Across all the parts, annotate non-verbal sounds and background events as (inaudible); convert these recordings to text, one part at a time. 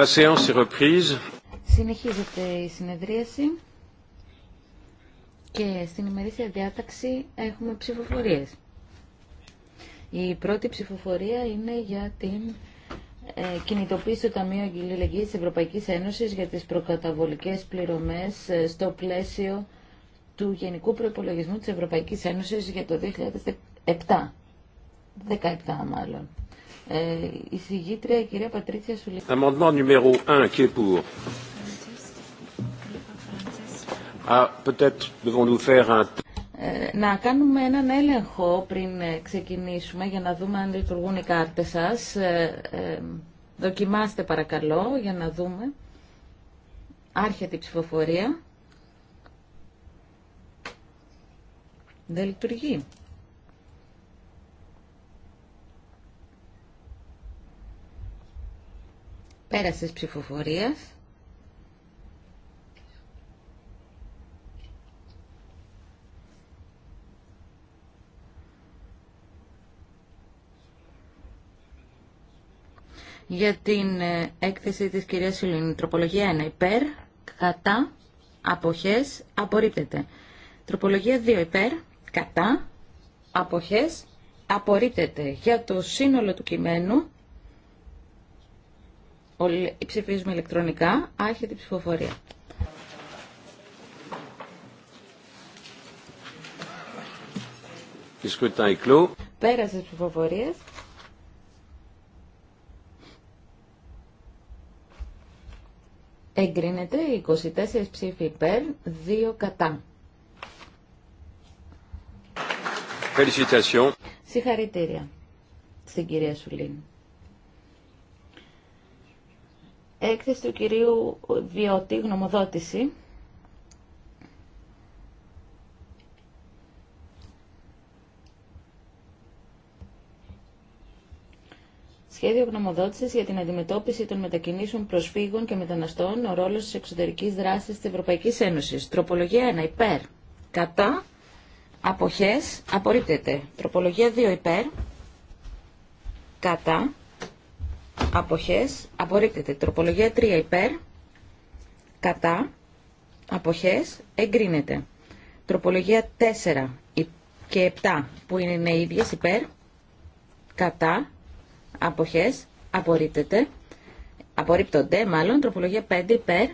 La séance est reprise. Συνεχίζεται η συνεδρίαση και στην ημερήσια διάταξη έχουμε ψηφοφορίες. Η πρώτη ψηφοφορία είναι για την ε, κινητοποίηση του Ταμείου Αγγελιλεγγύης της Ευρωπαϊκής Ένωσης για τις προκαταβολικές πληρωμές ε, στο πλαίσιο του Γενικού Προϋπολογισμού της Ευρωπαϊκής Ένωσης για το 2017. 17 μάλλον. Ε, η η κυρία Πατρίτσια Σουλή. Amendement numéro 1, qui est pour. Ah, peut-être devons-nous faire un... Ε, να κάνουμε έναν έλεγχο πριν ε, ξεκινήσουμε για να δούμε αν λειτουργούν οι κάρτες σας. Δοκιμάστε παρακαλώ για να δούμε. Άρχεται η ψηφοφορία. Δεν λειτουργεί. Πέρασες της ψηφοφορίας. για την ε, έκθεση της κυρίας Σιλίνη. Τροπολογία 1 υπέρ, κατά, αποχές, απορρίπτεται. Τροπολογία 2 υπέρ, κατά, αποχές, απορρίπτεται. Για το σύνολο του κειμένου Ολοι Ψηφίζουμε ηλεκτρονικά. Άρχεται η ψηφοφορία. Πέρασε τις ψηφοφορία. Εγκρίνεται 24 ψήφοι υπέρ, 2 κατά. Συγχαρητήρια στην κυρία Σουλίνη έκθεση του κυρίου Βιώτη, γνωμοδότηση. Σχέδιο γνωμοδότηση για την αντιμετώπιση των μετακινήσεων προσφύγων και μεταναστών, ο ρόλο τη εξωτερική δράση τη Ευρωπαϊκή Ένωση. Τροπολογία 1 υπέρ. Κατά. Αποχέ. Απορρίπτεται. Τροπολογία 2 υπέρ. Κατά αποχές απορρίπτεται. Τροπολογία 3 υπέρ, κατά, αποχές εγκρίνεται. Τροπολογία 4 και 7 που είναι οι ίδιες υπέρ, κατά, αποχές απορρίπτεται. Απορρίπτονται μάλλον, τροπολογία 5 υπέρ,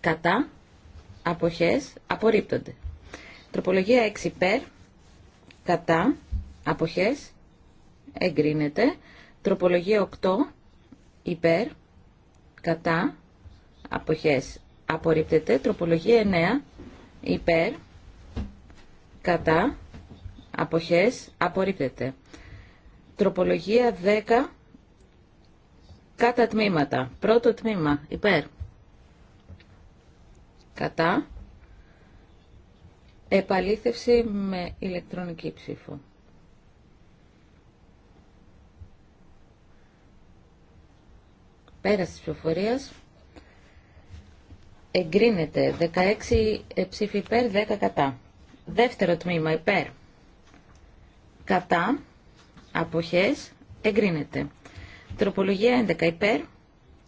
κατά, αποχές απορρίπτονται. Τροπολογία 6 υπέρ, κατά, αποχές εγκρίνεται. Τροπολογία 8 υπέρ, κατά, αποχές απορρίπτεται. Τροπολογία 9, υπέρ, κατά, αποχές απορρίπτεται. Τροπολογία 10, κατά τμήματα. Πρώτο τμήμα, υπέρ, κατά, επαλήθευση με ηλεκτρονική ψήφο. Πέρας της ψηφοφορίας εγκρίνεται 16 ψήφοι υπέρ, 10 κατά. Δεύτερο τμήμα υπέρ, κατά, αποχές, εγκρίνεται. Τροπολογία 11 υπέρ,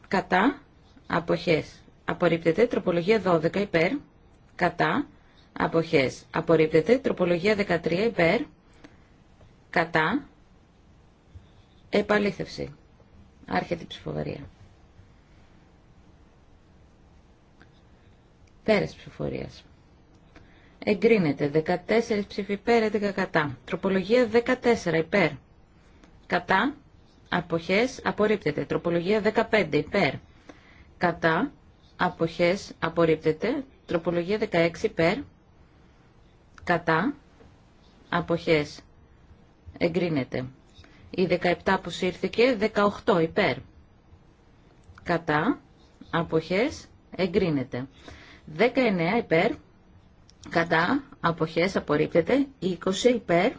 κατά, αποχές. Απορρίπτεται τροπολογία 12 υπέρ, κατά, αποχές. Απορρίπτεται τροπολογία 13 υπέρ, κατά, επαλήθευση. Άρχεται η ψηφοφορία. τη ψηφοφορίας. Εγκρίνεται 14 ψήφοι υπέρ, 11 κατά. Τροπολογία 14 υπέρ. Κατά. απόχέ, απορρίπτεται. Τροπολογία 15 υπέρ. Κατά. απόχέ, απορρίπτεται. Τροπολογία 16 υπέρ. Κατά. απόχέ. εγκρίνεται. Η 17 που σύρθηκε 18 υπέρ. Κατά. απόχέ, εγκρίνεται. 19 υπέρ, κατά, αποχές απορρίπτεται, 20 υπέρ,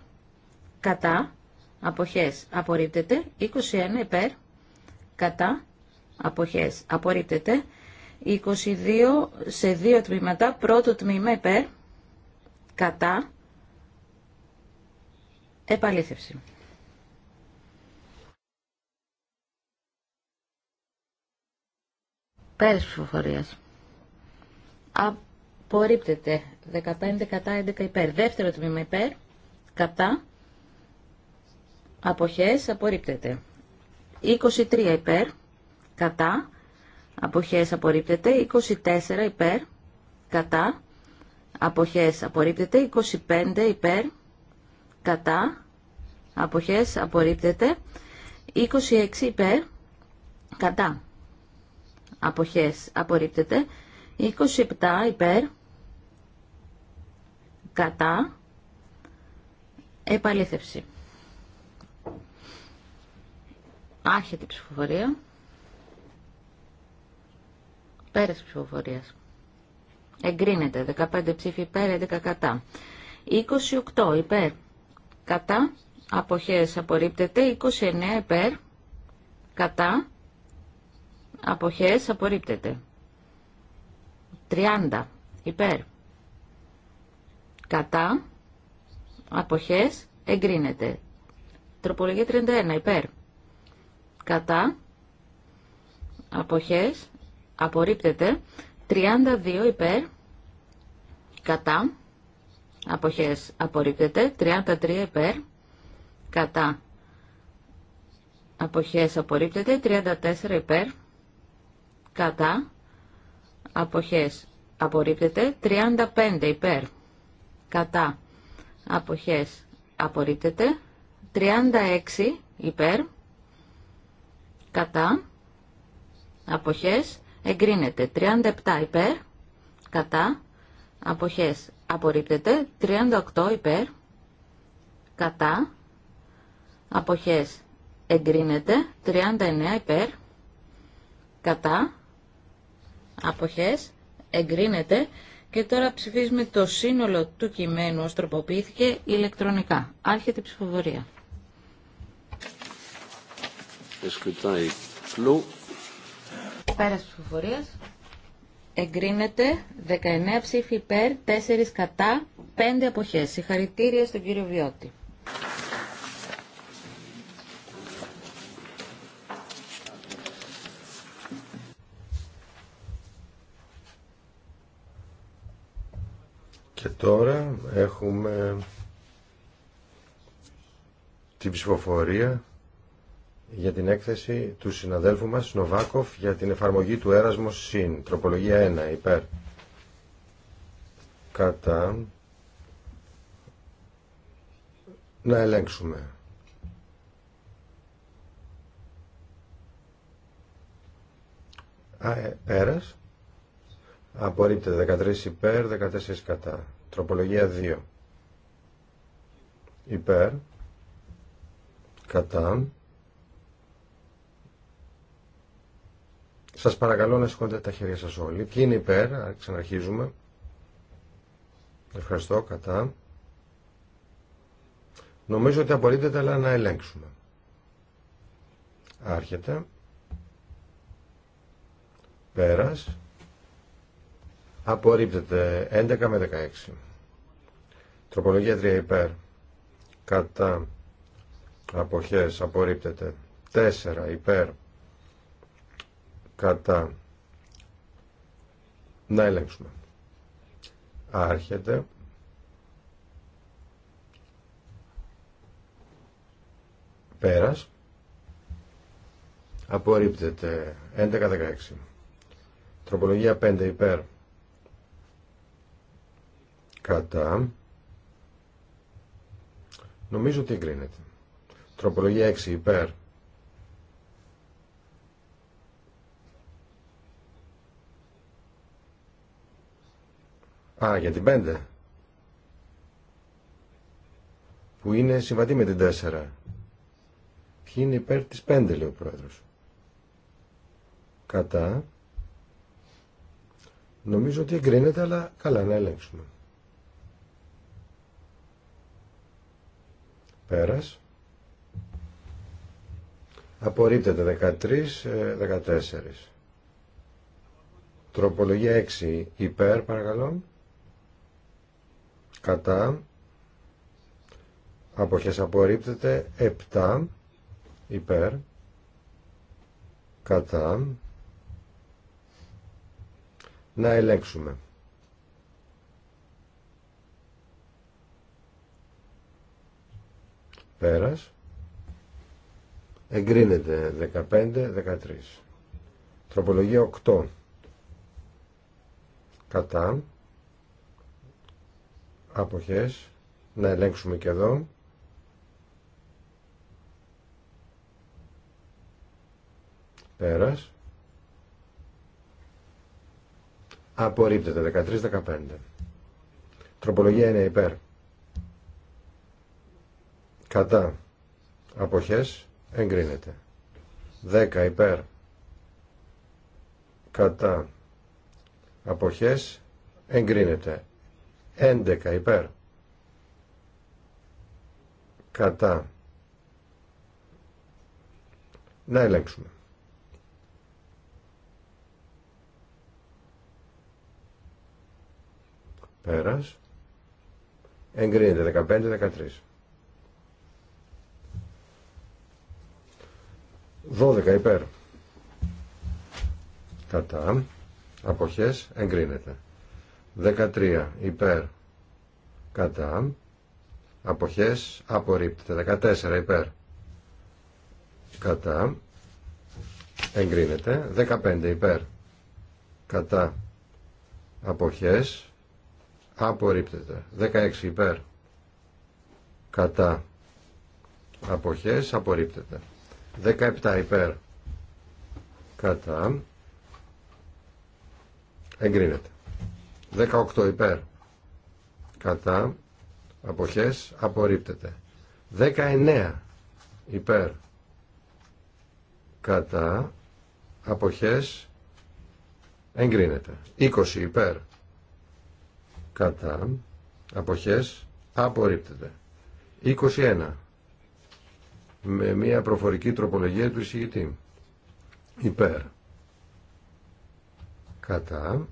κατά, αποχές απορρίπτεται, 21 υπέρ, κατά, αποχές απορρίπτεται, 22 σε δύο τμήματα, πρώτο τμήμα υπέρ, κατά, επαλήθευση. Πέρυσι Απορρίπτεται. 15 κατά 11 υπέρ. Δεύτερο τμήμα υπέρ. Κατά. Αποχές. Απορρίπτεται. 23 υπέρ. Κατά. Αποχές. Απορρίπτεται. 24 υπέρ. Κατά. Αποχές. Απορρίπτεται. 25 υπέρ. Κατά. Αποχές. Απορρίπτεται. 26 υπέρ. Κατά. Αποχές. Απορρίπτεται. 27 υπέρ, κατά, επαλήθευση. Άρχεται η ψηφοφορία. Πέρας ψηφοφορίας. Εγκρίνεται 15 ψήφοι υπέρ, 11 κατά. 28 υπέρ, κατά, αποχές απορρίπτεται, 29 υπέρ, κατά, αποχές απορρίπτεται. 30 υπέρ κατά αποχές εγκρίνεται. Τροπολογία 31 υπέρ κατά αποχές απορρίπτεται. 32 υπέρ κατά αποχές απορρίπτεται. 33 υπέρ κατά αποχές απορρίπτεται. 34 υπέρ κατά αποχές απορρίπτεται 35 υπέρ κατά αποχές απορρίπτεται 36 υπέρ κατά αποχές εγκρίνεται 37 υπέρ κατά αποχές απορρίπτεται 38 υπέρ κατά αποχές εγκρίνεται 39 υπέρ κατά αποχές, εγκρίνεται και τώρα ψηφίζουμε το σύνολο του κειμένου ως τροποποιήθηκε ηλεκτρονικά. Άρχεται η ψηφοφορία. Πέρας ψηφοφορίας. Εγκρίνεται 19 ψήφοι υπέρ, 4 κατά, 5 αποχές. Συγχαρητήρια στον κύριο Βιώτη. Και τώρα έχουμε την ψηφοφορία για την έκθεση του συναδέλφου μας Νοβάκοφ για την εφαρμογή του έρασμος ΣΥΝ. Τροπολογία 1. Υπέρ. Κατά. Να ελέγξουμε. Α, ε, Απορρίπτεται 13 υπέρ, 14 κατά. Τροπολογία 2. Υπέρ. Κατά. Σας παρακαλώ να σηκώνετε τα χέρια σας όλοι. Ποιοι είναι υπέρ, ξαναρχίζουμε. Ευχαριστώ, κατά. Νομίζω ότι απορρίπτεται, αλλά να ελέγξουμε. Άρχεται. Πέρας. Απορρίπτεται 11 με 16. Τροπολογία 3 υπέρ. Κατά αποχές απορρίπτεται 4 υπέρ. Κατά να ελέγξουμε. Άρχεται. Πέρας. Απορρίπτεται 11-16. Τροπολογία 5 υπέρ κατά νομίζω ότι εγκρίνεται τροπολογία 6 υπέρ Α, για την 5 που είναι συμβατή με την 4 ποιοι είναι υπέρ της 5 λέει ο πρόεδρος κατά νομίζω ότι εγκρίνεται αλλά καλά να ελέγξουμε Πέρας. Απορρίπτεται 13, 14. Ε, Τροπολογία 6 υπέρ παρακαλώ. Κατά. Αποχές απορρίπτεται 7 υπέρ. Κατά. Να ελέγξουμε. πέρας εγκρίνεται 15-13 τροπολογία 8 κατά αποχές να ελέγξουμε και εδώ πέρας απορρίπτεται 13-15 τροπολογία είναι υπέρ κατά αποχές εγκρίνεται 10 υπέρ κατά αποχές εγκρίνεται 11 υπέρ κατά να ελέγξουμε πέρας εγκρίνεται 15-13 12 υπέρ. Κατά. Αποχές εγκρίνεται. 13 υπέρ. Κατά. Αποχές απορρίπτεται. 14 υπέρ. Κατά. Εγκρίνεται. 15 υπέρ. Κατά. Αποχές απορρίπτεται. 16 υπέρ. Κατά. Αποχές απορρίπτεται. 17 υπέρ κατά εγκρίνεται 18 υπέρ κατά αποχές απορρίπτεται 19 υπέρ κατά αποχές εγκρίνεται 20 υπέρ κατά αποχές απορρίπτεται 21 με μια προφορική τροπολογία του εισηγητή. Υπέρ. Κατά.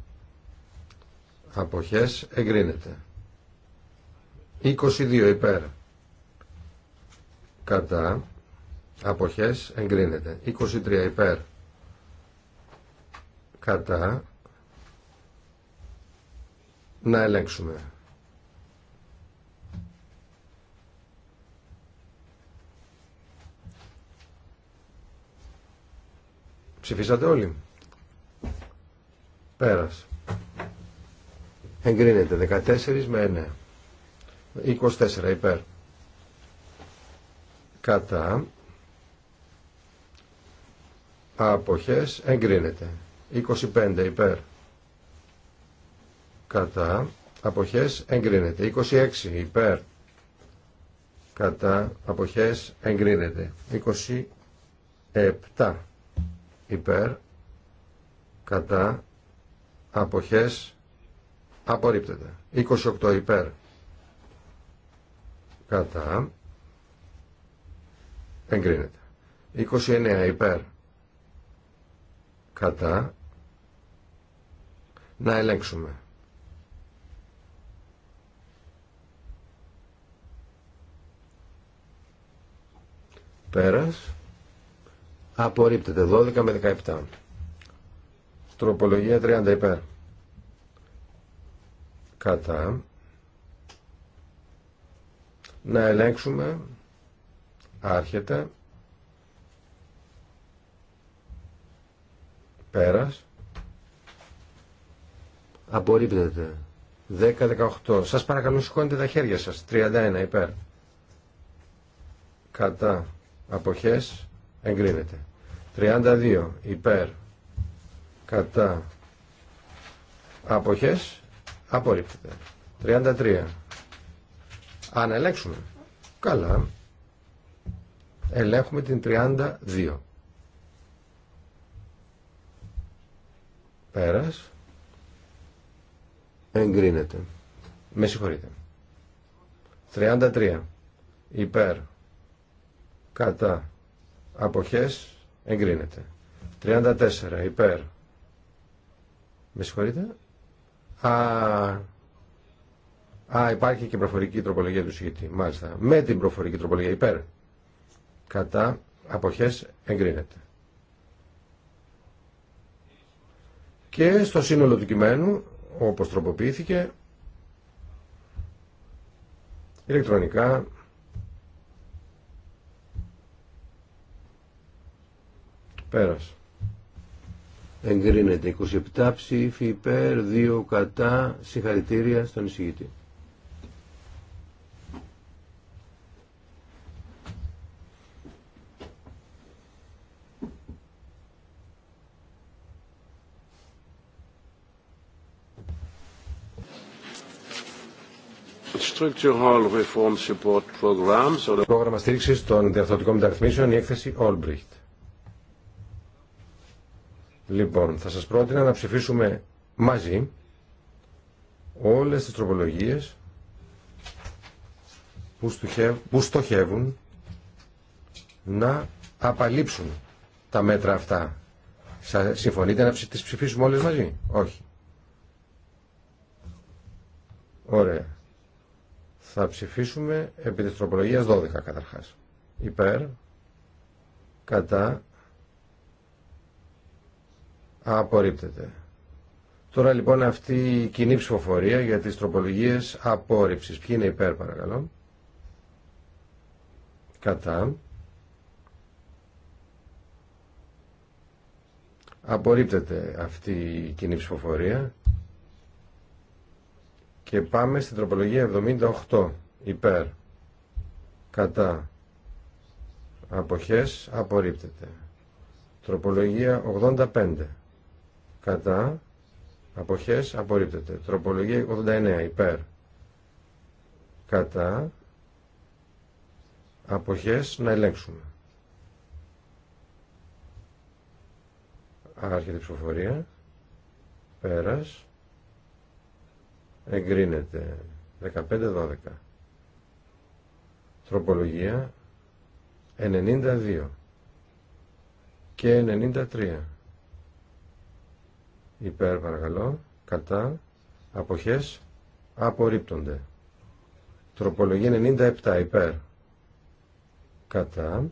Αποχές εγκρίνεται. 22 υπέρ. Κατά. Αποχές εγκρίνεται. 23 υπέρ. Κατά. Να ελέγξουμε. Ψηφίσατε όλοι. Πέρας. Εγκρίνεται 14 με 9. 24 υπέρ. Κατά. Αποχές εγκρίνεται. 25 υπέρ. Κατά. Αποχές εγκρίνεται. 26 υπέρ. Κατά. Αποχές εγκρίνεται. 27 υπέρ κατά αποχές απορρίπτεται 28 υπέρ κατά εγκρίνεται 29 υπέρ κατά να ελέγξουμε πέρας Απορρίπτεται 12 με 17. Τροπολογία 30 υπέρ. Κατά. Να ελέγξουμε. Άρχεται. Πέρας. Απορρίπτεται. 10-18. Σας παρακαλώ σηκώνετε τα χέρια σας. 31 υπέρ. Κατά. Αποχές εγκρίνεται. 32 υπέρ κατά αποχές απορρίπτεται. 33 αν ελέγξουμε καλά ελέγχουμε την 32 πέρας εγκρίνεται με συγχωρείτε 33 υπέρ κατά Αποχές εγκρίνεται. 34 υπέρ. Με συγχωρείτε. Α, α υπάρχει και προφορική τροπολογία του συγκεκριτή. Μάλιστα. Με την προφορική τροπολογία υπέρ. Κατά αποχές εγκρίνεται. Και στο σύνολο του κειμένου, όπως τροποποιήθηκε, ηλεκτρονικά Πέρας. Εγκρίνεται 27 ψήφοι υπέρ, 2 κατά, συγχαρητήρια στον εισηγητή. Structural Πρόγραμμα στήριξης των διαρθρωτικών μεταρρυθμίσεων, η έκθεση Olbricht. Λοιπόν, θα σας πρότεινα να ψηφίσουμε μαζί όλες τις τροπολογίες που στοχεύουν να απαλείψουν τα μέτρα αυτά. Συμφωνείτε να τις ψηφίσουμε όλες μαζί. Όχι. Ωραία. Θα ψηφίσουμε επί της τροπολογίας 12 καταρχάς. Υπέρ, κατά, Απορρίπτεται. Τώρα λοιπόν αυτή η κοινή ψηφοφορία για τις τροπολογίες απόρριψης. Ποιοι είναι υπέρ παρακαλώ. Κατά. Απορρίπτεται αυτή η κοινή ψηφοφορία. Και πάμε στην τροπολογία 78. Υπέρ. Κατά. Αποχές. Απορρίπτεται. Τροπολογία 85 κατά, αποχές, απορρίπτεται. Τροπολογία 89, υπέρ, κατά, αποχές, να ελέγξουμε. Άρχεται ψηφοφορία, πέρας, εγκρίνεται, 15-12. Τροπολογία 92 και 93 υπέρ παρακαλώ, κατά, αποχές, απορρίπτονται. Τροπολογία 97 υπέρ, κατά,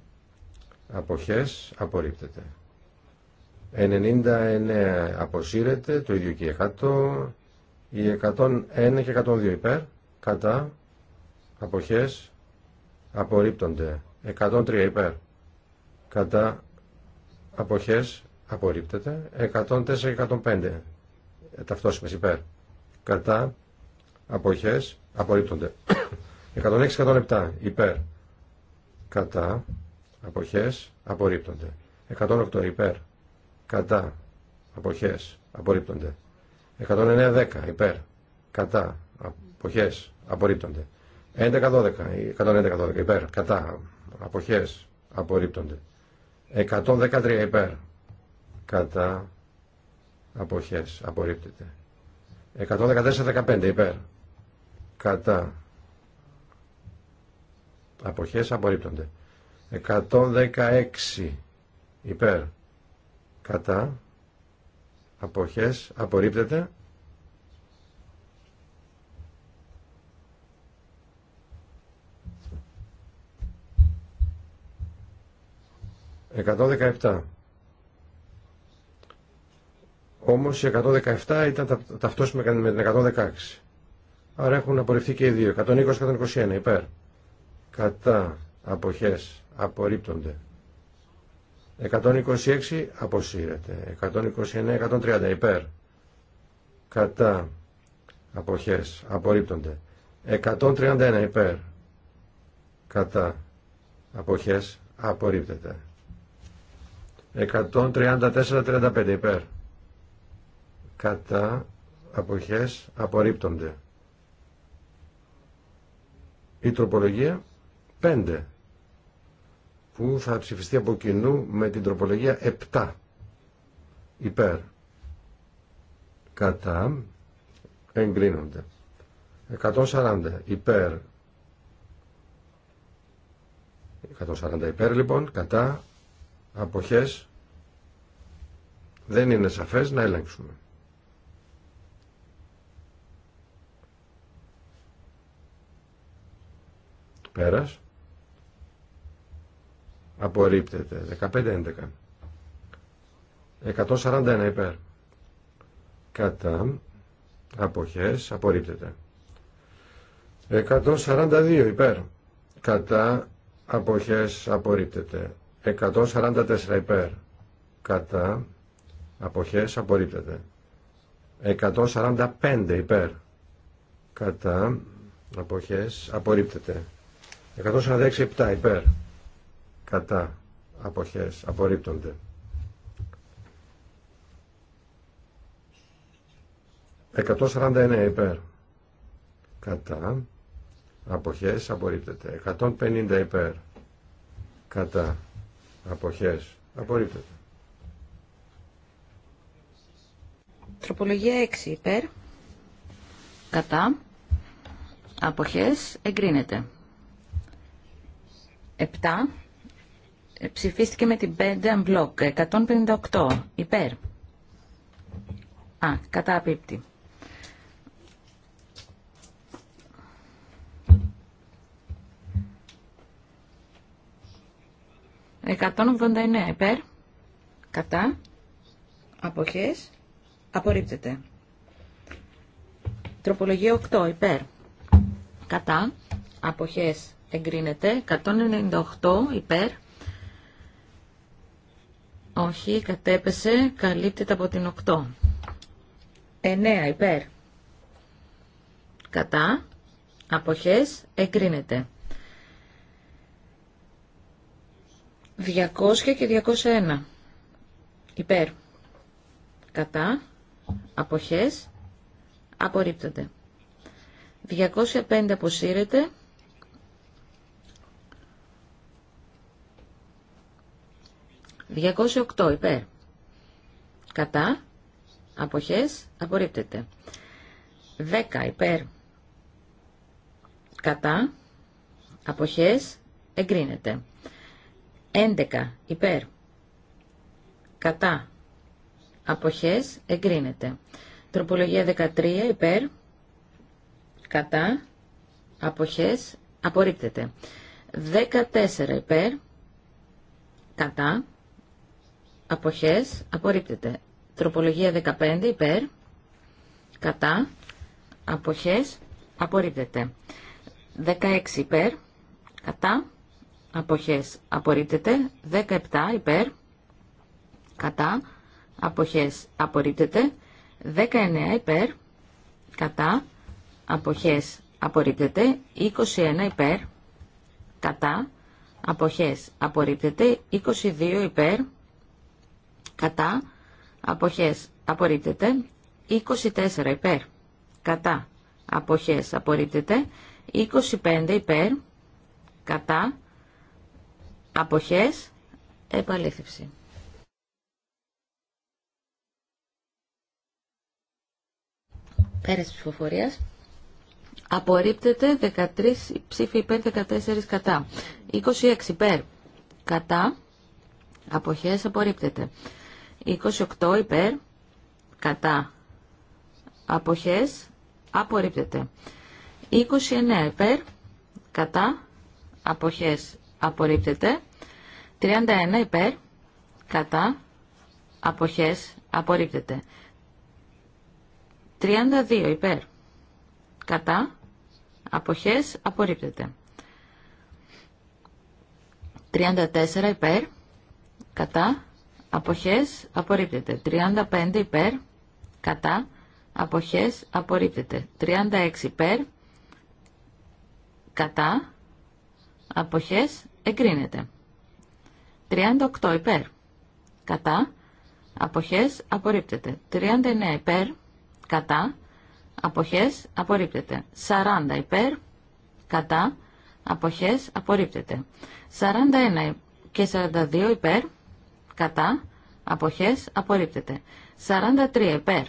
αποχές, απορρίπτεται. 99 αποσύρεται, το ίδιο και 100, Η 101 και 102 υπέρ, κατά, αποχές, απορρίπτονται. 103 υπέρ, κατά, αποχές, απορρίπτεται. 104-105 ε, ταυτόσιμες υπέρ. Κατά αποχές απορρίπτονται. 106-107 (coughs) υπέρ. Κατά αποχές απορρίπτονται. 108 υπέρ. Κατά αποχές απορρίπτονται. 109-10 υπέρ. Κατά αποχές απορρίπτονται. 11-12 111 υπέρ. Κατά αποχές απορρίπτονται. 113 υπέρ κατά αποχές απορρίπτεται 114-15 υπέρ κατά αποχές απορρίπτονται 116 υπέρ κατά αποχές απορρίπτεται 117 όμως η 117 ήταν τα, με την 116. Άρα έχουν απορριφθεί και οι δύο. 120-121 υπέρ. Κατά αποχές απορρίπτονται. 126 αποσύρεται. 129-130 υπέρ. Κατά αποχές απορρίπτονται. 131 υπέρ. Κατά αποχές απορρίπτεται. 134-35 υπέρ κατά αποχές απορρίπτονται. Η τροπολογία 5 που θα ψηφιστεί από κοινού με την τροπολογία 7 υπέρ κατά εγκρίνονται. 140 υπέρ 140 υπέρ λοιπόν κατά αποχές δεν είναι σαφές να ελέγξουμε. Πέρας. Απορρίπτεται. 15-11. 141 υπέρ. Κατά. Αποχές. Απορρίπτεται. 142 υπέρ. Κατά. Αποχές. Απορρίπτεται. 144 υπέρ. Κατά. Αποχές. Απορρίπτεται. 145 υπέρ. Κατά. Αποχές. Απορρίπτεται. 146-7 υπέρ. Κατά. Αποχές. Απορρίπτονται. 149 υπέρ. Κατά. Αποχές. Απορρίπτεται. 150 υπέρ. Κατά. Αποχές. Απορρίπτεται. Τροπολογία 6 υπέρ. Κατά. Αποχές εγκρίνεται. 7 ε, ψηφίστηκε με την 5 unblock. 158 υπέρ. Α, κατά απίπτη. Εκατόν υπέρ. Κατά. Αποχές. Απορρίπτεται. Τροπολογία 8 υπέρ. Κατά. Αποχές εγκρίνεται 198 υπέρ όχι κατέπεσε καλύπτεται από την 8 9 υπέρ κατά αποχές εγκρίνεται 200 και 201 υπέρ κατά αποχές απορρίπτονται 205 αποσύρεται 208 υπέρ. Κατά. Αποχές. Απορρίπτεται. 10 υπέρ. Κατά. Αποχές. Εγκρίνεται. 11 υπέρ. Κατά. Αποχές. Εγκρίνεται. Τροπολογία 13 υπέρ. Κατά. Αποχές. Απορρίπτεται. 14 υπέρ. Κατά αποχές απορρίπτεται. Τροπολογία 15 υπέρ, κατά, αποχές απορρίπτεται. 16 υπέρ, κατά, αποχές απορρίπτεται. 17 υπέρ, κατά, αποχές απορρίπτεται. 19 υπέρ, κατά, αποχές απορρίπτεται. 21 υπέρ, κατά, αποχές απορρίπτεται. 22 υπέρ, κατά, αποχές, απορρίπτεται. 24 υπέρ, κατά, αποχές, απορρίπτεται. 25 υπέρ, κατά, αποχές, επαλήθευση. Πέρας ψηφοφορίας. Απορρίπτεται 13 ψήφοι υπέρ, 14 κατά. 26 υπέρ, κατά, αποχές απορρίπτεται. 28 υπέρ, κατά, αποχές, απορρίπτεται. 29 υπέρ, κατά, αποχές, απορρίπτεται. 31 υπέρ, κατά, αποχές, απορρίπτεται. 32 υπέρ, κατά, αποχές, απορρίπτεται. 34 υπέρ, κατά, Αποχές απορρίπτεται. 35 υπέρ. Κατά. Αποχές απορρίπτεται. 36 υπέρ. Κατά. Αποχές εγκρίνεται. 38 υπέρ. Κατά. Αποχές απορρίπτεται. 39 υπέρ. Κατά. Αποχές απορρίπτεται. 40 υπέρ. Κατά. Αποχές απορρίπτεται. 41 και 42 υπέρ. Κατά. Αποχές. Απορρίπτεται. 43 υπέρ.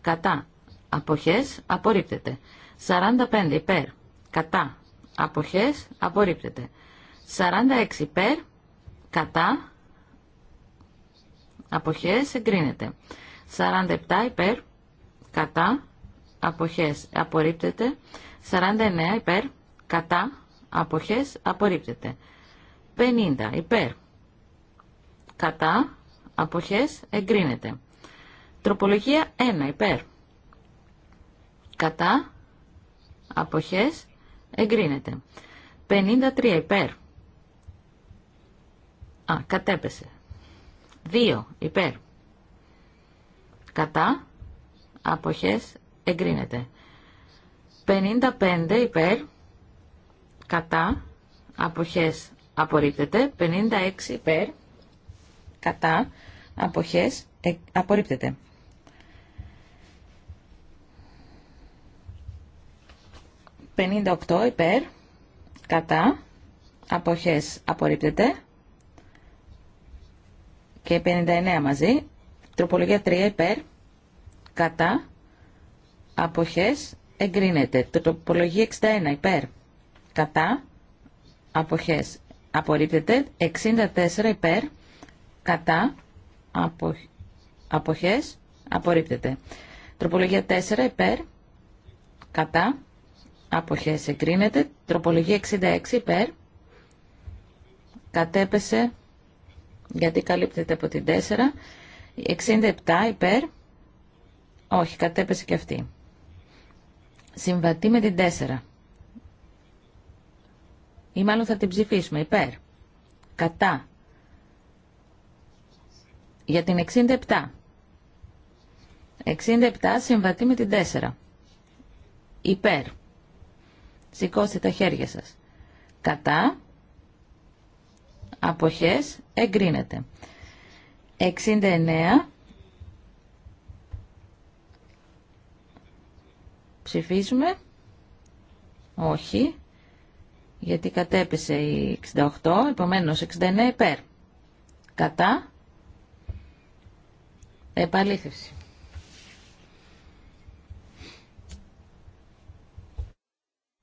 Κατά. Αποχές. Απορρίπτεται. 45 υπέρ. Κατά. Αποχές. Απορρίπτεται. 46 υπέρ. Κατά. Αποχές. Εγκρίνεται. 47 υπέρ. Κατά. Αποχές. Απορρίπτεται. 49 υπέρ. Κατά. Αποχές. Απορρίπτεται. 50 υπέρ κατά, αποχές, εγκρίνεται. Τροπολογία 1 υπέρ, κατά, αποχές, εγκρίνεται. 53 υπέρ, α, κατέπεσε. 2 υπέρ, κατά, αποχές, εγκρίνεται. 55 υπέρ, κατά, αποχές απορρίπτεται, 56 υπέρ, κατά, αποχές, ε, απορρίπτεται. «58 υπέρ, κατά, αποχές, απορρίπτεται» και 59 μαζί. Τροπολογία 3 υπέρ, κατά, αποχές, εγκρίνεται. Τροπολογία 61 υπέρ, κατά, αποχές, απορρίπτεται. 64 υπέρ, κατά, απο, αποχές, απορρίπτεται. Τροπολογία 4 υπέρ, κατά, αποχές εγκρίνεται. Τροπολογία 66 υπέρ, κατέπεσε, γιατί καλύπτεται από την 4, 67 υπέρ, όχι, κατέπεσε και αυτή. Συμβατή με την 4. Ή μάλλον θα την ψηφίσουμε υπέρ. Κατά για την 67. 67 συμβατεί με την 4. Υπέρ. Σηκώστε τα χέρια σας. Κατά. Αποχές. Εγκρίνεται. 69. Ψηφίζουμε. Όχι. Γιατί κατέπεσε η 68. Επομένως 69 υπέρ. Κατά. Επαλήθευση.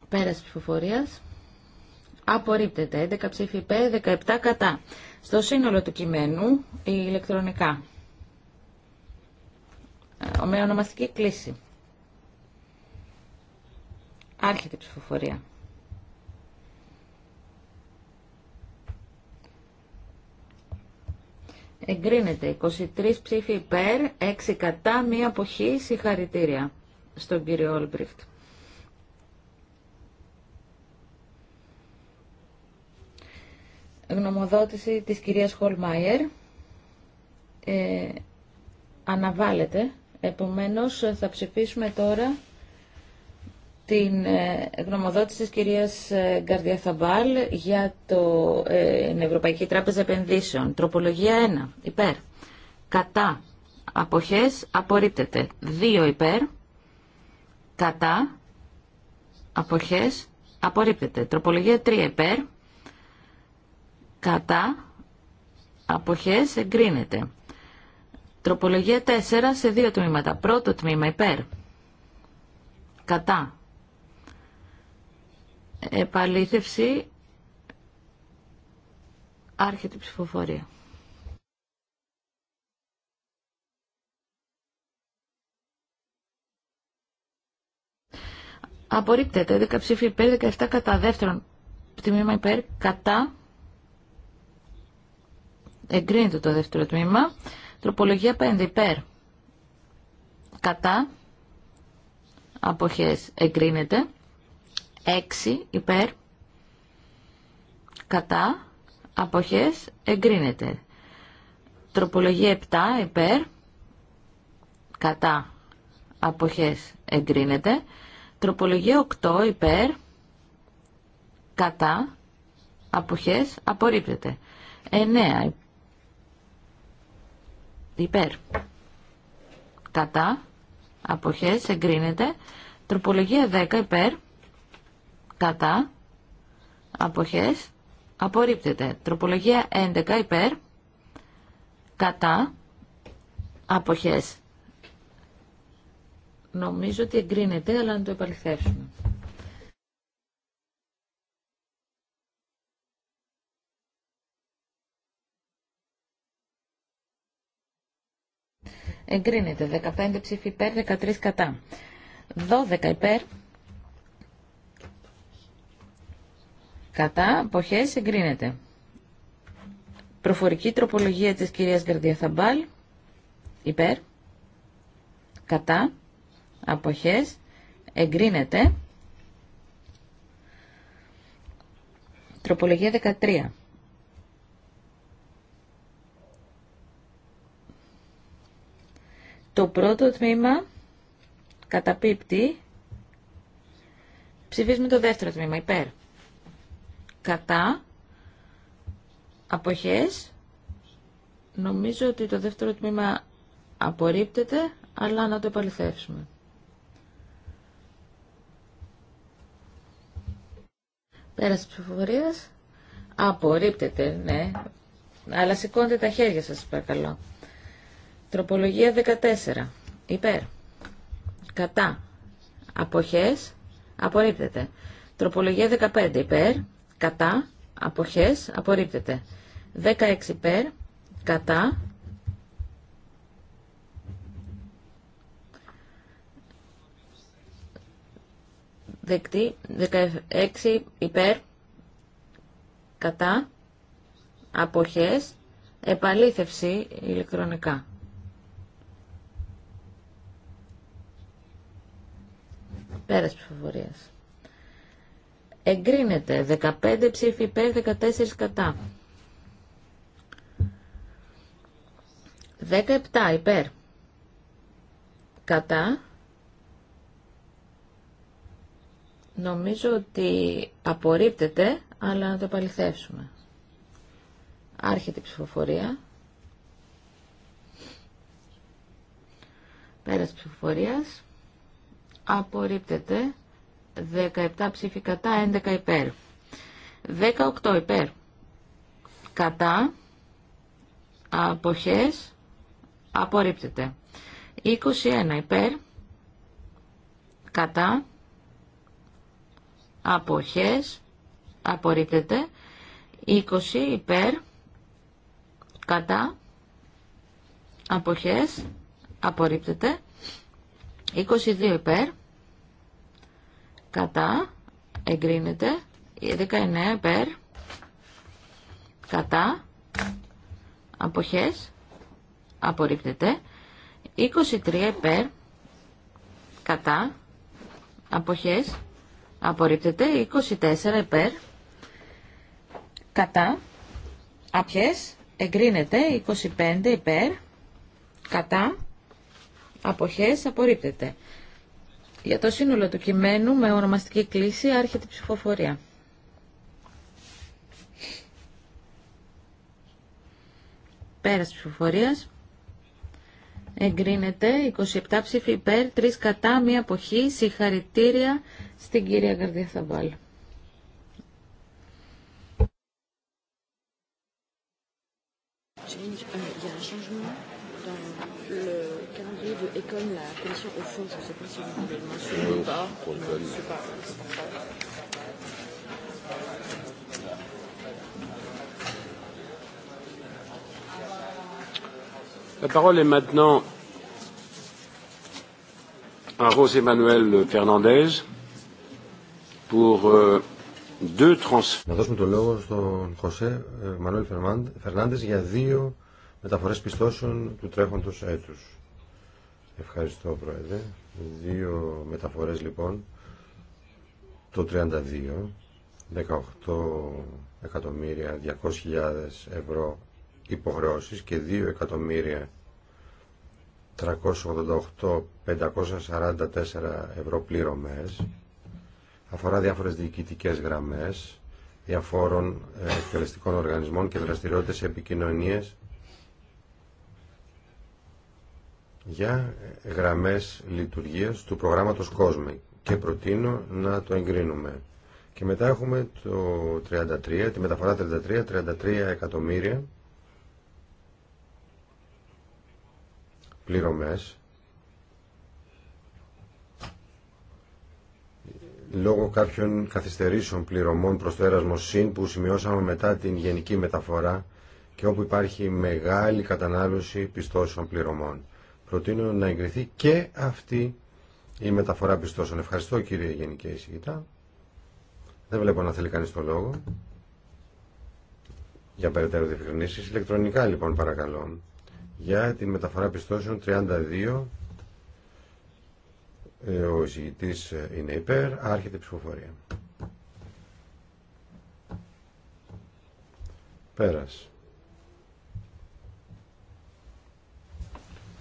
Πέραση ψηφοφορία Απορρίπτεται. 11 ψήφοι. υπέρ, 17 κατά. Στο σύνολο του κειμένου, η ηλεκτρονικά. Ε, με ονομαστική κλίση. Άρχεται η ψηφοφορία. Εγκρίνεται 23 ψήφοι υπέρ, 6 κατά, μία αποχή, συγχαρητήρια στον κύριο Όλμπριχτ. Γνωμοδότηση της κυρίας Χολμάιερ ε, αναβάλλεται, επομένως θα ψηφίσουμε τώρα την ε, γνωμοδότηση της κυρίας ε, Γκαρδιά Θαμπάλ για το, ε, την Ευρωπαϊκή Τράπεζα Επενδύσεων. Τροπολογία 1. Υπέρ. Κατά. Αποχές. Απορρίπτεται. 2. Υπέρ. Κατά. Αποχές. Απορρίπτεται. Τροπολογία 3. Υπέρ. Κατά. Αποχές. Εγκρίνεται. Τροπολογία 4 σε δύο τμήματα. Πρώτο τμήμα υπέρ. Κατά επαλήθευση άρχεται η ψηφοφορία. Απορρίπτεται 11 ψήφοι υπέρ, 17 κατά δεύτερον τμήμα υπέρ, κατά εγκρίνεται το δεύτερο τμήμα. Τροπολογία 5 υπέρ, κατά αποχές εγκρίνεται. 6 υπέρ κατά αποχές εγκρίνεται. Τροπολογία 7 υπέρ κατά αποχές εγκρίνεται. Τροπολογία 8 υπέρ κατά αποχές απορρίπτεται. 9 υπέρ κατά αποχές εγκρίνεται. Τροπολογία 10 υπέρ κατά, αποχές, απορρίπτεται. Τροπολογία 11 υπέρ, κατά, αποχές. Νομίζω ότι εγκρίνεται, αλλά να το επαληθεύσουμε. Εγκρίνεται 15 ψήφι υπέρ, 13 κατά. 12 υπέρ, Κατά αποχές εγκρίνεται. Προφορική τροπολογία της κυρίας Γκαρδία Θαμπάλ. Υπέρ. Κατά. Αποχές. Εγκρίνεται. Τροπολογία 13. Το πρώτο τμήμα καταπίπτει. Ψηφίζουμε το δεύτερο τμήμα. Υπέρ κατά, αποχές, νομίζω ότι το δεύτερο τμήμα απορρίπτεται, αλλά να το επαληθεύσουμε. Πέραση ψηφοφορίας, απορρίπτεται, ναι, αλλά σηκώντε τα χέρια σας παρακαλώ. Τροπολογία 14. Υπέρ. Κατά. Αποχές. Απορρίπτεται. Τροπολογία 15. Υπέρ κατά, αποχές, απορρίπτεται. 16 υπέρ, κατά, δεκτή, 16 υπέρ, κατά, αποχές, επαλήθευση ηλεκτρονικά. Πέρας ψηφοφορίας εγκρίνεται 15 ψήφοι υπέρ 14 κατά 17 υπέρ κατά νομίζω ότι απορρίπτεται αλλά να το επαληθεύσουμε άρχεται η ψηφοφορία πέρας ψηφοφορίας απορρίπτεται 17 ψήφοι κατά, 11 υπέρ. 18 υπέρ. Κατά. Αποχές. Απορρίπτεται. 21 υπέρ. Κατά. Αποχές. Απορρίπτεται. 20 υπέρ. Κατά. Αποχές. Απορρίπτεται. 22 υπέρ κατά, εγκρίνεται. 19 υπέρ, κατά, αποχές, απορρίπτεται. 23 υπέρ, κατά, αποχές, απορρίπτεται. 24 υπέρ, κατά, αποχές, εγκρίνεται. 25 υπέρ, κατά, αποχές, απορρίπτεται. Για το σύνολο του κειμένου με ονομαστική κλίση άρχεται η ψηφοφορία. Πέρας ψηφοφορίας. Εγκρίνεται 27 ψήφοι υπέρ, 3 κατά, μία αποχή. Συγχαρητήρια στην κυρία Καρδία Θαμπάλ. Ε, de Econ, la commission au fond, je ne sais pas si vous voulez le mentionner ou pas. Pour Econ. Je ne sais pas. La parole est maintenant à Rose Emmanuel Fernandez pour deux transferts. Να δώσουμε το λόγο στον Χωσέ Μανουέλ Φερνάντες για δύο μεταφορές πιστώσεων του τρέχοντος έτους. Ευχαριστώ Πρόεδρε. Δύο μεταφορές λοιπόν. Το 32, 18 εκατομμύρια 200.000 ευρώ υποχρεώσεις και 2 εκατομμύρια 388.544 ευρώ πληρωμές. Αφορά διάφορες διοικητικές γραμμές διαφόρων ε, εκτελεστικών οργανισμών και δραστηριότητες επικοινωνίες για γραμμές λειτουργίας του προγράμματος COSME και προτείνω να το εγκρίνουμε. Και μετά έχουμε το 33, τη μεταφορά 33, 33 εκατομμύρια πληρωμές λόγω κάποιων καθυστερήσεων πληρωμών προς το έρασμο ΣΥΝ που σημειώσαμε μετά την γενική μεταφορά και όπου υπάρχει μεγάλη κατανάλωση πιστώσεων πληρωμών προτείνω να εγκριθεί και αυτή η μεταφορά πιστώσεων. Ευχαριστώ κύριε Γενική Εισηγητά. Δεν βλέπω να θέλει κανείς το λόγο. Για περαιτέρω διευκρινήσει. Ηλεκτρονικά λοιπόν παρακαλώ. Για τη μεταφορά πιστώσεων 32. Ε, ο εισηγητής ε, είναι υπέρ. Άρχεται η ψηφοφορία. Πέρας.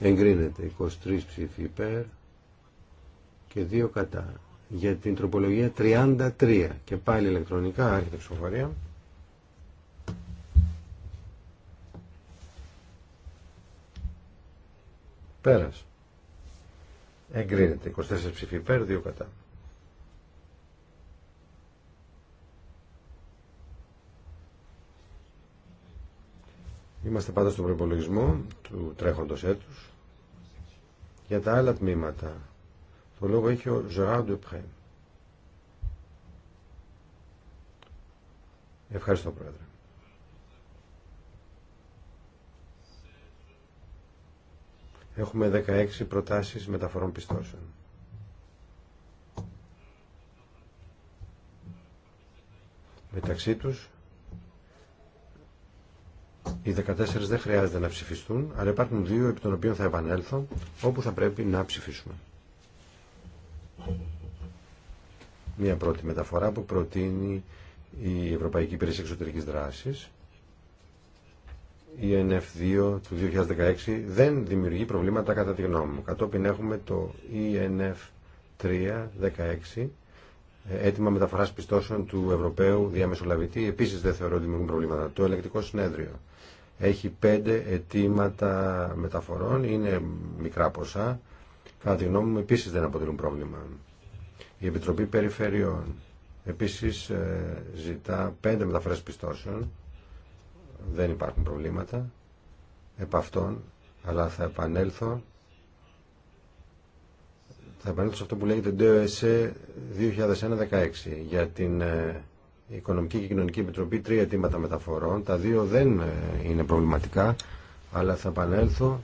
εγκρίνεται 23 ψήφοι υπέρ και 2 κατά για την τροπολογία 33 και πάλι ηλεκτρονικά άρχεται ψηφοφορία πέρας εγκρίνεται 24 ψήφοι υπέρ 2 κατά Είμαστε πάντα στον προπολογισμό του τρέχοντος έτους για τα άλλα τμήματα, το λόγο έχει ο Ζεράρ Ευχαριστώ, Πρόεδρε. Έχουμε 16 προτάσεις μεταφορών πιστώσεων. Μεταξύ τους οι 14 δεν χρειάζεται να ψηφιστούν, αλλά υπάρχουν δύο επί των οποίων θα επανέλθω, όπου θα πρέπει να ψηφίσουμε. Μία πρώτη μεταφορά που προτείνει η Ευρωπαϊκή Υπηρεσία Εξωτερικής Δράσης, η nf 2 του 2016, δεν δημιουργεί προβλήματα κατά τη γνώμη μου. Κατόπιν έχουμε το enf 16 Έτοιμα μεταφοράς πιστώσεων του Ευρωπαίου διαμεσολαβητή επίσης δεν θεωρώ ότι δημιουργούν προβλήματα. Το ελεκτικό συνέδριο έχει πέντε αιτήματα μεταφορών, είναι μικρά ποσά, κατά τη γνώμη μου επίσης δεν αποτελούν πρόβλημα. Η Επιτροπή Περιφερειών επίσης ε, ζητά πέντε μεταφορές πιστώσεων, δεν υπάρχουν προβλήματα επ' αυτών, αλλά θα επανέλθω θα επανέλθω σε αυτό που λέγεται DOSE 2016 για την ε, η Οικονομική και Κοινωνική Επιτροπή τρία αιτήματα μεταφορών. Τα δύο δεν ε, είναι προβληματικά, αλλά θα επανέλθω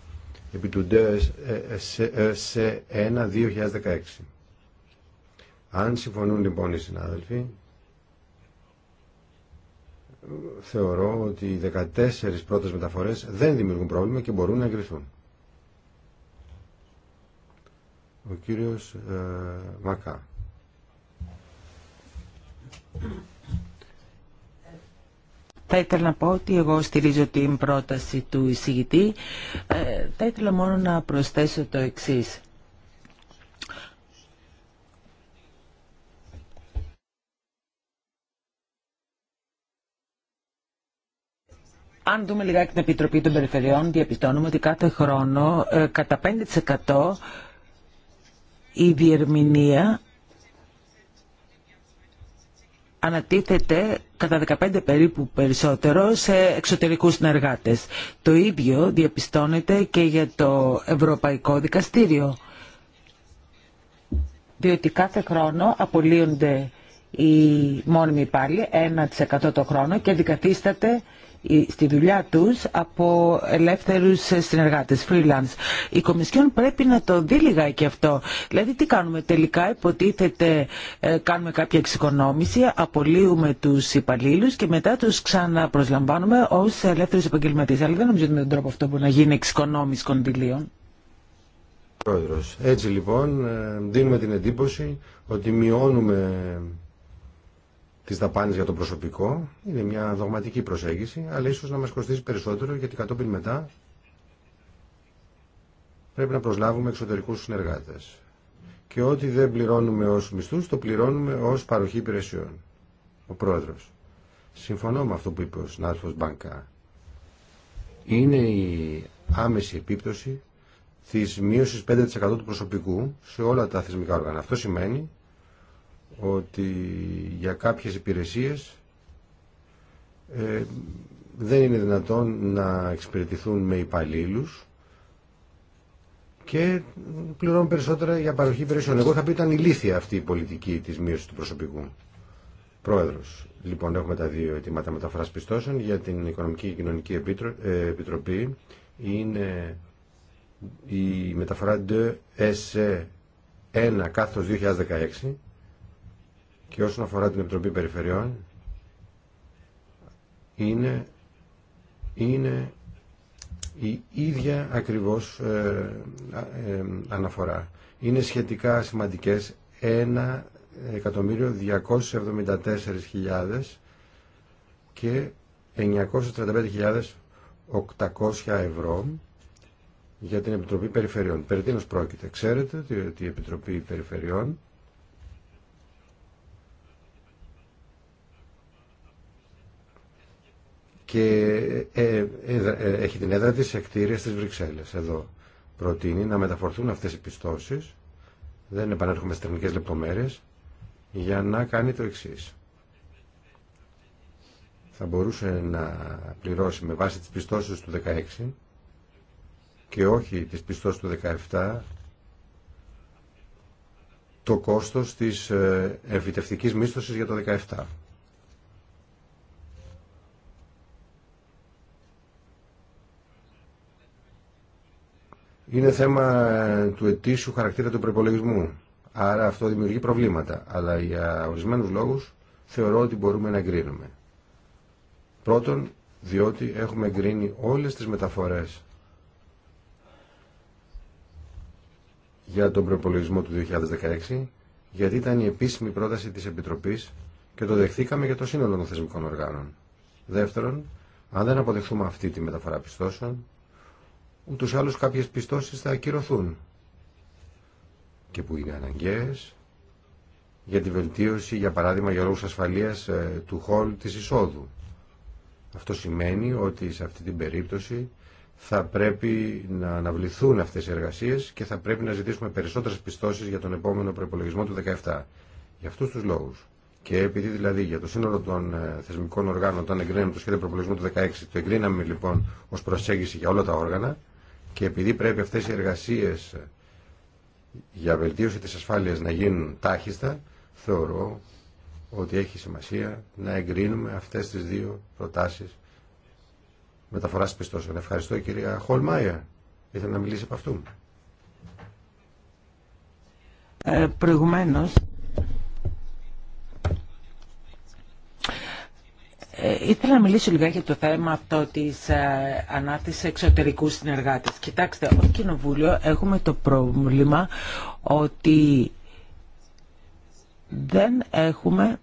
επί του ε, ε, σε 1-2016. Αν συμφωνούν λοιπόν οι συνάδελφοι, θεωρώ ότι οι 14 πρώτες μεταφορές δεν δημιουργούν πρόβλημα και μπορούν να εγκριθούν. Ο κύριος Μακά. Θα ήθελα να πω ότι εγώ στηρίζω την πρόταση του εισηγητή. Ε, θα ήθελα μόνο να προσθέσω το εξής. Αν δούμε λιγάκι την Επιτροπή των Περιφερειών, διαπιστώνουμε ότι κάθε χρόνο ε, κατά 5% η διερμηνία ανατίθεται κατά 15 περίπου περισσότερο σε εξωτερικούς συνεργάτες. Το ίδιο διαπιστώνεται και για το Ευρωπαϊκό Δικαστήριο, διότι κάθε χρόνο απολύονται οι μόνιμοι υπάλληλοι 1% το χρόνο και αντικαθίσταται στη δουλειά τους από ελεύθερους συνεργάτες, freelance. Η Κομισιόν πρέπει να το δει και αυτό. Δηλαδή τι κάνουμε τελικά, υποτίθεται ε, κάνουμε κάποια εξοικονόμηση, απολύουμε τους υπαλλήλου και μετά τους ξαναπροσλαμβάνουμε ως ελεύθερους επαγγελματίες. Αλλά δεν νομίζω ότι με τον τρόπο αυτό μπορεί να γίνει εξοικονόμηση κονδυλίων. Πρόεδρος. Έτσι λοιπόν ε, δίνουμε την εντύπωση ότι μειώνουμε τις δαπάνες για το προσωπικό. Είναι μια δογματική προσέγγιση, αλλά ίσως να μας κοστίσει περισσότερο γιατί κατόπιν μετά πρέπει να προσλάβουμε εξωτερικούς συνεργάτες. Και ό,τι δεν πληρώνουμε ως μισθούς, το πληρώνουμε ως παροχή υπηρεσιών. Ο πρόεδρος. Συμφωνώ με αυτό που είπε ο συνάδελφος Μπανκά. Είναι η άμεση επίπτωση της μείωσης 5% του προσωπικού σε όλα τα θεσμικά όργανα. Αυτό σημαίνει ότι για κάποιες υπηρεσίες ε, δεν είναι δυνατόν να εξυπηρετηθούν με υπαλλήλου και πληρώνουν περισσότερα για παροχή υπηρεσιών. Εγώ θα πει ήταν ηλίθια αυτή η πολιτική της μείωσης του προσωπικού. Πρόεδρος, λοιπόν, έχουμε τα δύο αιτήματα μεταφοράς πιστώσεων για την Οικονομική και Κοινωνική ε, Επιτροπή. Είναι η μεταφορά 2S1 2016 και όσον αφορά την Επιτροπή Περιφερειών είναι, είναι η ίδια ακριβώς ε, ε, ε, αναφορά. Είναι σχετικά σημαντικές 1.274.000 και 935.800 ευρώ για την Επιτροπή Περιφερειών. Περί πρόκειται. Ξέρετε ότι η Επιτροπή Περιφερειών και ε, ε, ε, έχει την έδρα της σε κτίρια στις Βρυξέλλες. Εδώ προτείνει να μεταφορθούν αυτές οι πιστώσεις, δεν επανέρχομαι στις τεχνικές λεπτομέρειες, για να κάνει το εξή. Θα μπορούσε να πληρώσει με βάση τις πιστώσεις του 16 και όχι τις πιστώσεις του 17 το κόστος της εμφυτευτικής μίσθωσης για το 17. Είναι θέμα του ετήσιου χαρακτήρα του προπολογισμού. Άρα αυτό δημιουργεί προβλήματα. Αλλά για ορισμένου λόγους θεωρώ ότι μπορούμε να εγκρίνουμε. Πρώτον, διότι έχουμε εγκρίνει όλες τις μεταφορές για τον προπολογισμό του 2016, γιατί ήταν η επίσημη πρόταση της Επιτροπής και το δεχθήκαμε για το σύνολο των θεσμικών οργάνων. Δεύτερον, αν δεν αποδεχθούμε αυτή τη μεταφορά πιστώσεων, ούτως ή άλλως κάποιες πιστώσεις θα ακυρωθούν και που είναι αναγκαίες για τη βελτίωση, για παράδειγμα, για λόγους ασφαλείας ε, του χολ της εισόδου. Αυτό σημαίνει ότι σε αυτή την περίπτωση θα πρέπει να αναβληθούν αυτές οι εργασίες και θα πρέπει να ζητήσουμε περισσότερες πιστώσεις για τον επόμενο προπολογισμό του 2017. Για αυτούς τους λόγους. Και επειδή δηλαδή για το σύνολο των ε, θεσμικών οργάνων όταν εγκρίναμε το σχέδιο προπολογισμού του 2016, το εγκρίναμε λοιπόν ως προσέγγιση για όλα τα όργανα, και επειδή πρέπει αυτές οι εργασίες για βελτίωση της ασφάλειας να γίνουν τάχιστα, θεωρώ ότι έχει σημασία να εγκρίνουμε αυτές τις δύο προτάσεις μεταφοράς πιστώσεων. Ευχαριστώ κυρία Χολμάια. Ήθελα να μιλήσει από αυτού. Ε, προηγουμένως Ε, ήθελα να μιλήσω λιγάκι για το θέμα αυτό τη ε, εξωτερικού συνεργάτες. Κοιτάξτε, ω Κοινοβούλιο έχουμε το πρόβλημα ότι δεν έχουμε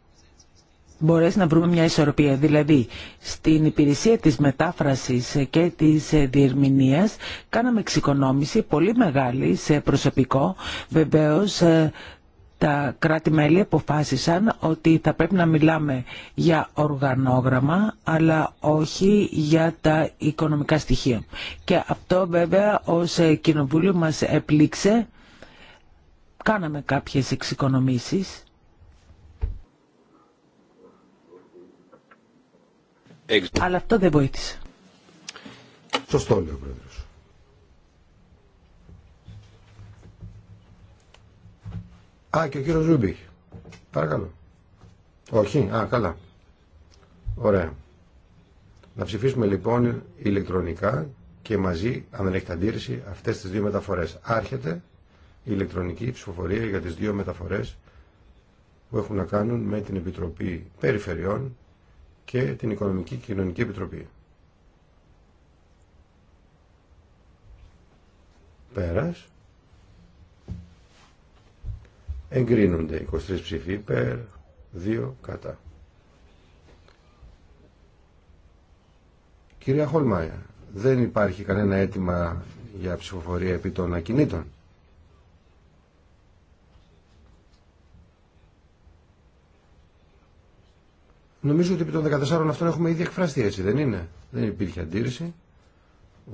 μπορέσει να βρούμε μια ισορροπία. Δηλαδή, στην υπηρεσία της μετάφρασης και της ε, διερμηνίας κάναμε εξοικονόμηση πολύ μεγάλη σε προσωπικό. Βεβαίως, ε, τα κράτη-μέλη αποφάσισαν ότι θα πρέπει να μιλάμε για οργανόγραμμα αλλά όχι για τα οικονομικά στοιχεία. Και αυτό βέβαια ως κοινοβούλιο μας επλήξε. Κάναμε κάποιες εξοικονομήσεις. Αλλά αυτό δεν βοήθησε. Σωστό λέω, Πρόεδρε. Α, και ο κύριο Ζούμπι, Παρακαλώ. Όχι, α, καλά. Ωραία. Να ψηφίσουμε λοιπόν ηλεκτρονικά και μαζί, αν δεν έχετε αντίρρηση, αυτές τις δύο μεταφορές. Άρχεται η ηλεκτρονική ψηφοφορία για τις δύο μεταφορές που έχουν να κάνουν με την Επιτροπή Περιφερειών και την Οικονομική Κοινωνική Επιτροπή. Πέρας εγκρίνονται 23 ψήφοι υπέρ 2 κατά Κυρία Χολμάια δεν υπάρχει κανένα αίτημα για ψηφοφορία επί των ακινήτων Νομίζω ότι επί των 14 αυτών έχουμε ήδη εκφραστεί έτσι, δεν είναι. Δεν υπήρχε αντίρρηση.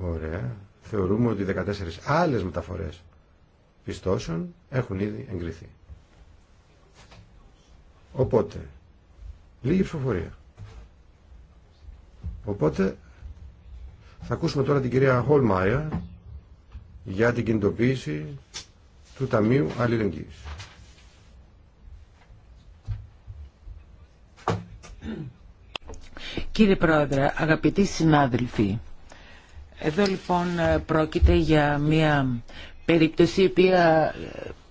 Ωραία. Θεωρούμε ότι 14 άλλες μεταφορές πιστώσεων έχουν ήδη εγκριθεί. Οπότε, λίγη ψηφοφορία. Οπότε, θα ακούσουμε τώρα την κυρία Χολμάια για την κινητοποίηση του Ταμείου Αλληλεγγύης. Κύριε Πρόεδρε, αγαπητοί συνάδελφοι, εδώ λοιπόν πρόκειται για μια περίπτωση η οποία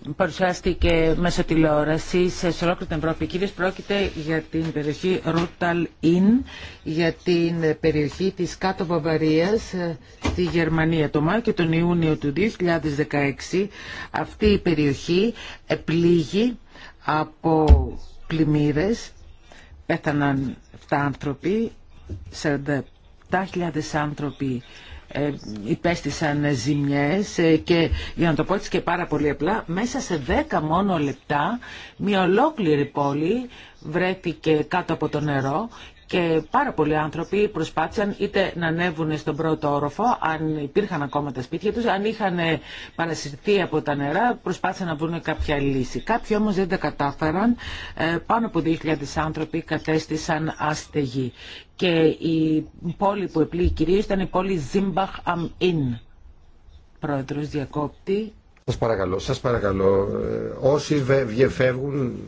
ε, παρουσιάστηκε μέσω τηλεόραση σε ολόκληρη την Ευρώπη. Κυρίως πρόκειται για την περιοχή Ρούταλ Ιν, για την περιοχή της Κάτω Βαβαρίας ε, στη Γερμανία. Το Μάιο και Ιούνιο του 2016 αυτή η περιοχή επλήγει από πλημμύρες. Πέθαναν 7 άνθρωποι, 47.000 άνθρωποι ε, υπέστησαν ζημιές ε, και για να το πω έτσι και πάρα πολύ απλά μέσα σε δέκα μόνο λεπτά μια ολόκληρη πόλη βρέθηκε κάτω από το νερό και πάρα πολλοί άνθρωποι προσπάθησαν είτε να ανέβουν στον πρώτο όροφο, αν υπήρχαν ακόμα τα σπίτια τους, αν είχαν παρασυρθεί από τα νερά, προσπάθησαν να βρουν κάποια λύση. Κάποιοι όμως δεν τα κατάφεραν, ε, πάνω από 2.000 άνθρωποι κατέστησαν άστεγοι. Και η πόλη που επλήγει κυρίως ήταν η πόλη Ζίμπαχ Αμ Ιν. διακόπτη. Σας παρακαλώ, σας παρακαλώ. Ε, όσοι φεύγουν,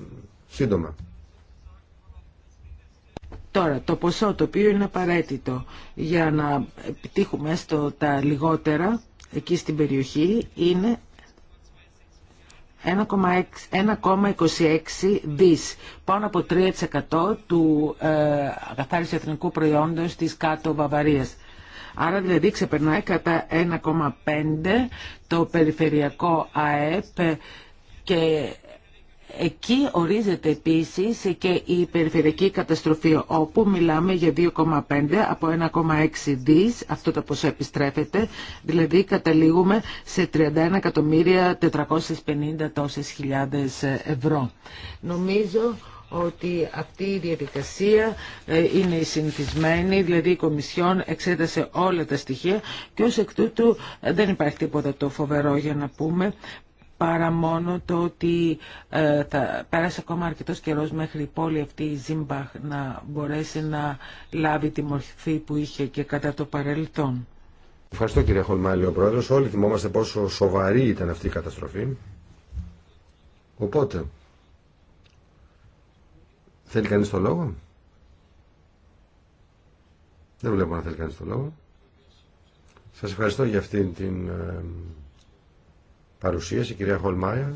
σύντομα. Τώρα, το ποσό το οποίο είναι απαραίτητο για να επιτύχουμε στο τα λιγότερα εκεί στην περιοχή είναι 1,26 δις, πάνω από 3% του ε, εθνικού προϊόντος της κάτω Βαβαρίας. Άρα δηλαδή ξεπερνάει κατά 1,5 το περιφερειακό ΑΕΠ και Εκεί ορίζεται επίσης και η περιφερειακή καταστροφή όπου μιλάμε για 2,5 από 1,6 δις, αυτό το ποσό επιστρέφεται, δηλαδή καταλήγουμε σε 450 τόσες χιλιάδες ευρώ. Νομίζω ότι αυτή η διαδικασία ε, είναι η συνηθισμένη, δηλαδή η Κομισιόν εξέτασε όλα τα στοιχεία και ως εκ τούτου ε, δεν υπάρχει τίποτα το φοβερό για να πούμε παρά μόνο το ότι ε, θα πέρασε ακόμα αρκετός καιρός μέχρι η πόλη αυτή η Ζήμπαχ να μπορέσει να λάβει τη μορφή που είχε και κατά το παρελθόν. Ευχαριστώ κύριε Χολμάλη ο Πρόεδρος. Όλοι θυμόμαστε πόσο σοβαρή ήταν αυτή η καταστροφή. Οπότε, θέλει κανείς το λόγο. Δεν βλέπω να θέλει κανείς το λόγο. Σας ευχαριστώ για αυτήν την ε, παρουσίαση, κυρία Χολμάια.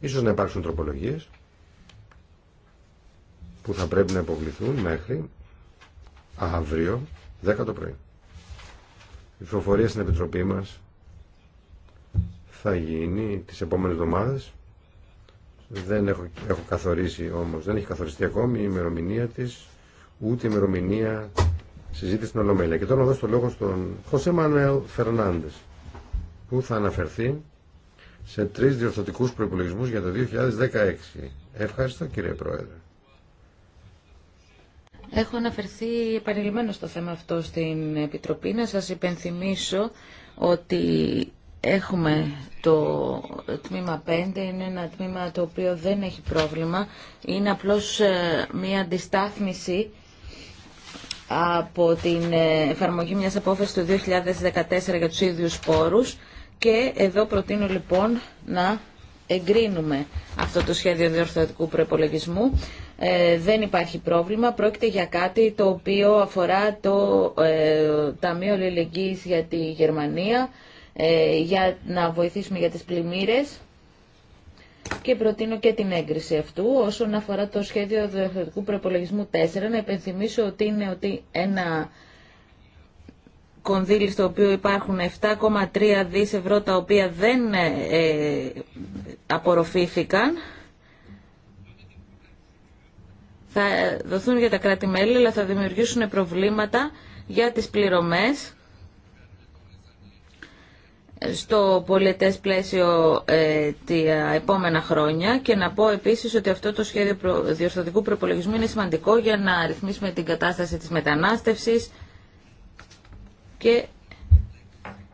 Ίσως να υπάρξουν τροπολογίες που θα πρέπει να υποβληθούν μέχρι αύριο 10 το πρωί. Η προφορία στην Επιτροπή μας θα γίνει τις επόμενες εβδομάδες. Δεν έχω, έχω καθορίσει όμως, δεν έχει καθοριστεί ακόμη η ημερομηνία της, ούτε η ημερομηνία συζήτηση στην Ολομέλεια. Και τώρα να δώσω το λόγο στον Χωσέ Μανουέλ Φερνάντες που θα αναφερθεί σε τρεις διορθωτικούς προϋπολογισμούς για το 2016. Ευχαριστώ κύριε Πρόεδρε. Έχω αναφερθεί επανειλημμένο στο θέμα αυτό στην Επιτροπή. Να σας υπενθυμίσω ότι έχουμε το τμήμα 5, είναι ένα τμήμα το οποίο δεν έχει πρόβλημα. Είναι απλώς ε, μια αντιστάθμιση από την ε, εφαρμογή μιας απόφασης του 2014 για τους ίδιους πόρους και εδώ προτείνω λοιπόν να εγκρίνουμε αυτό το σχέδιο διορθωτικού προπολογισμού. Ε, δεν υπάρχει πρόβλημα. Πρόκειται για κάτι το οποίο αφορά το ε, Ταμείο Λελεγγύης για τη Γερμανία ε, για να βοηθήσουμε για τις πλημμύρες και προτείνω και την έγκριση αυτού. Όσον αφορά το σχέδιο διορθωτικού προπολογισμού 4, να υπενθυμίσω ότι είναι ότι ένα κονδύλι στο οποίο υπάρχουν 7,3 δις ευρώ τα οποία δεν ε, ε, απορροφήθηκαν θα δοθούν για τα κράτη-μέλη αλλά θα δημιουργήσουν προβλήματα για τις πληρωμές στο πολιτές πλαίσιο ε, τα επόμενα χρόνια και να πω επίσης ότι αυτό το σχέδιο διορθωτικού προπολογισμού είναι σημαντικό για να ρυθμίσουμε την κατάσταση της μετανάστευσης και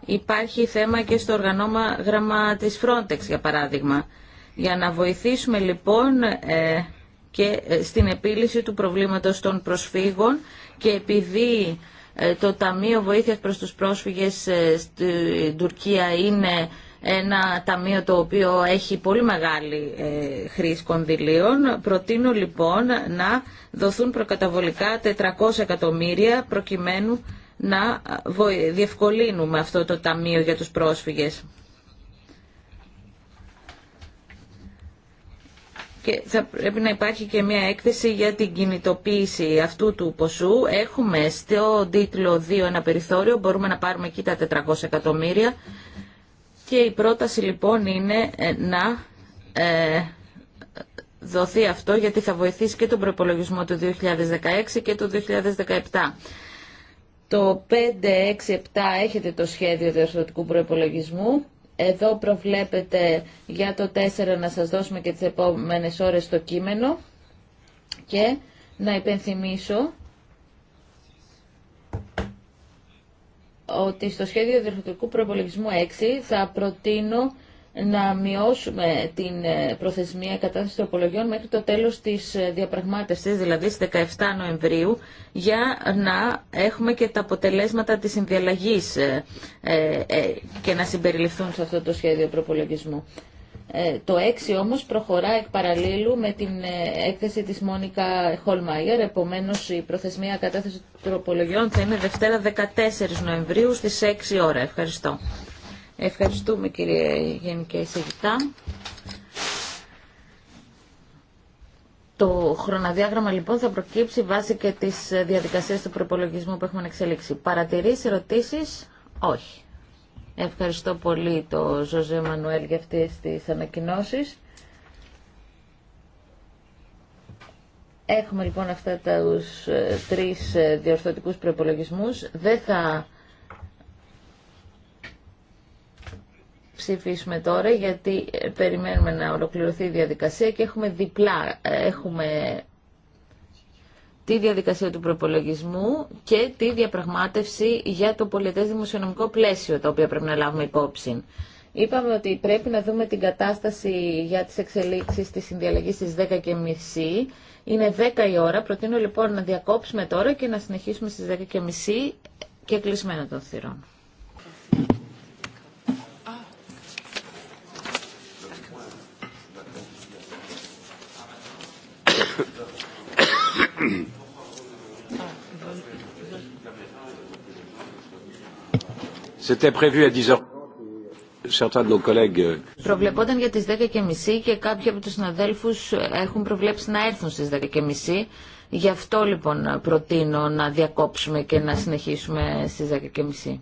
υπάρχει θέμα και στο οργανώμα γραμμά της Frontex, για παράδειγμα. Για να βοηθήσουμε λοιπόν ε, και ε, στην επίλυση του προβλήματος των προσφύγων και επειδή ε, το Ταμείο Βοήθειας προς τους Πρόσφυγες στην Τουρκία είναι ένα ταμείο το οποίο έχει πολύ μεγάλη χρήση κονδυλίων. Προτείνω λοιπόν να δοθούν προκαταβολικά 400 εκατομμύρια προκειμένου να διευκολύνουμε αυτό το ταμείο για τους πρόσφυγες. Και θα πρέπει να υπάρχει και μια έκθεση για την κινητοποίηση αυτού του ποσού. Έχουμε στο τίτλο 2 ένα περιθώριο, μπορούμε να πάρουμε εκεί τα 400 εκατομμύρια. Και η πρόταση λοιπόν είναι ε, να ε, δοθεί αυτό γιατί θα βοηθήσει και τον προπολογισμό του 2016 και του 2017. Το 5-6-7 έχετε το σχέδιο διορθωτικού προϋπολογισμού. Εδώ προβλέπετε για το 4 να σας δώσουμε και τις επόμενες ώρες το κείμενο και να υπενθυμίσω ότι στο σχέδιο διορθωτικού προϋπολογισμού 6 θα προτείνω να μειώσουμε την ε, προθεσμία κατάθεση τροπολογιών μέχρι το τέλος της ε, διαπραγμάτευσης, δηλαδή στις 17 Νοεμβρίου, για να έχουμε και τα αποτελέσματα της συνδιαλλαγής ε, και να συμπεριληφθούν σε αυτό το σχέδιο προπολογισμού. Το 6 όμως προχωρά εκ παραλλήλου με την έκθεση της Μόνικα Χολμάιερ, επομένως η προθεσμία κατάθεση τροπολογιών θα είναι Δευτέρα 14 Νοεμβρίου στις 6 ώρα. Ευχαριστώ. Ευχαριστούμε κύριε Γενική Εισηγητά. Το χρονοδιάγραμμα λοιπόν θα προκύψει βάσει και της διαδικασίας του προπολογισμού που έχουμε εξελίξει. Παρατηρήσεις, ερωτήσεις, όχι. Ευχαριστώ πολύ το Ζωζέ Μανουέλ για αυτές τις ανακοινώσεις. Έχουμε λοιπόν αυτά τους ε, τρεις ε, διορθωτικούς προπολογισμούς. Δεν θα ψηφίσουμε τώρα γιατί ε, περιμένουμε να ολοκληρωθεί η διαδικασία και έχουμε διπλά. Ε, έχουμε τη διαδικασία του προπολογισμού και τη διαπραγμάτευση για το πολιτές δημοσιονομικό πλαίσιο, το οποίο πρέπει να λάβουμε υπόψη. Είπαμε ότι πρέπει να δούμε την κατάσταση για τις εξελίξεις της συνδιαλλαγής στις 10.30. Είναι 10 η ώρα. Προτείνω λοιπόν να διακόψουμε τώρα και να συνεχίσουμε στις 10.30 και κλεισμένο των θυρών. Euh, Προβλεπόταν για τις 10.30 και και κάποιοι από τους συναδέλφους έχουν προβλέψει να έρθουν στις 10.30. Γι' αυτό λοιπόν προτείνω να διακόψουμε και να συνεχίσουμε στις 10.30.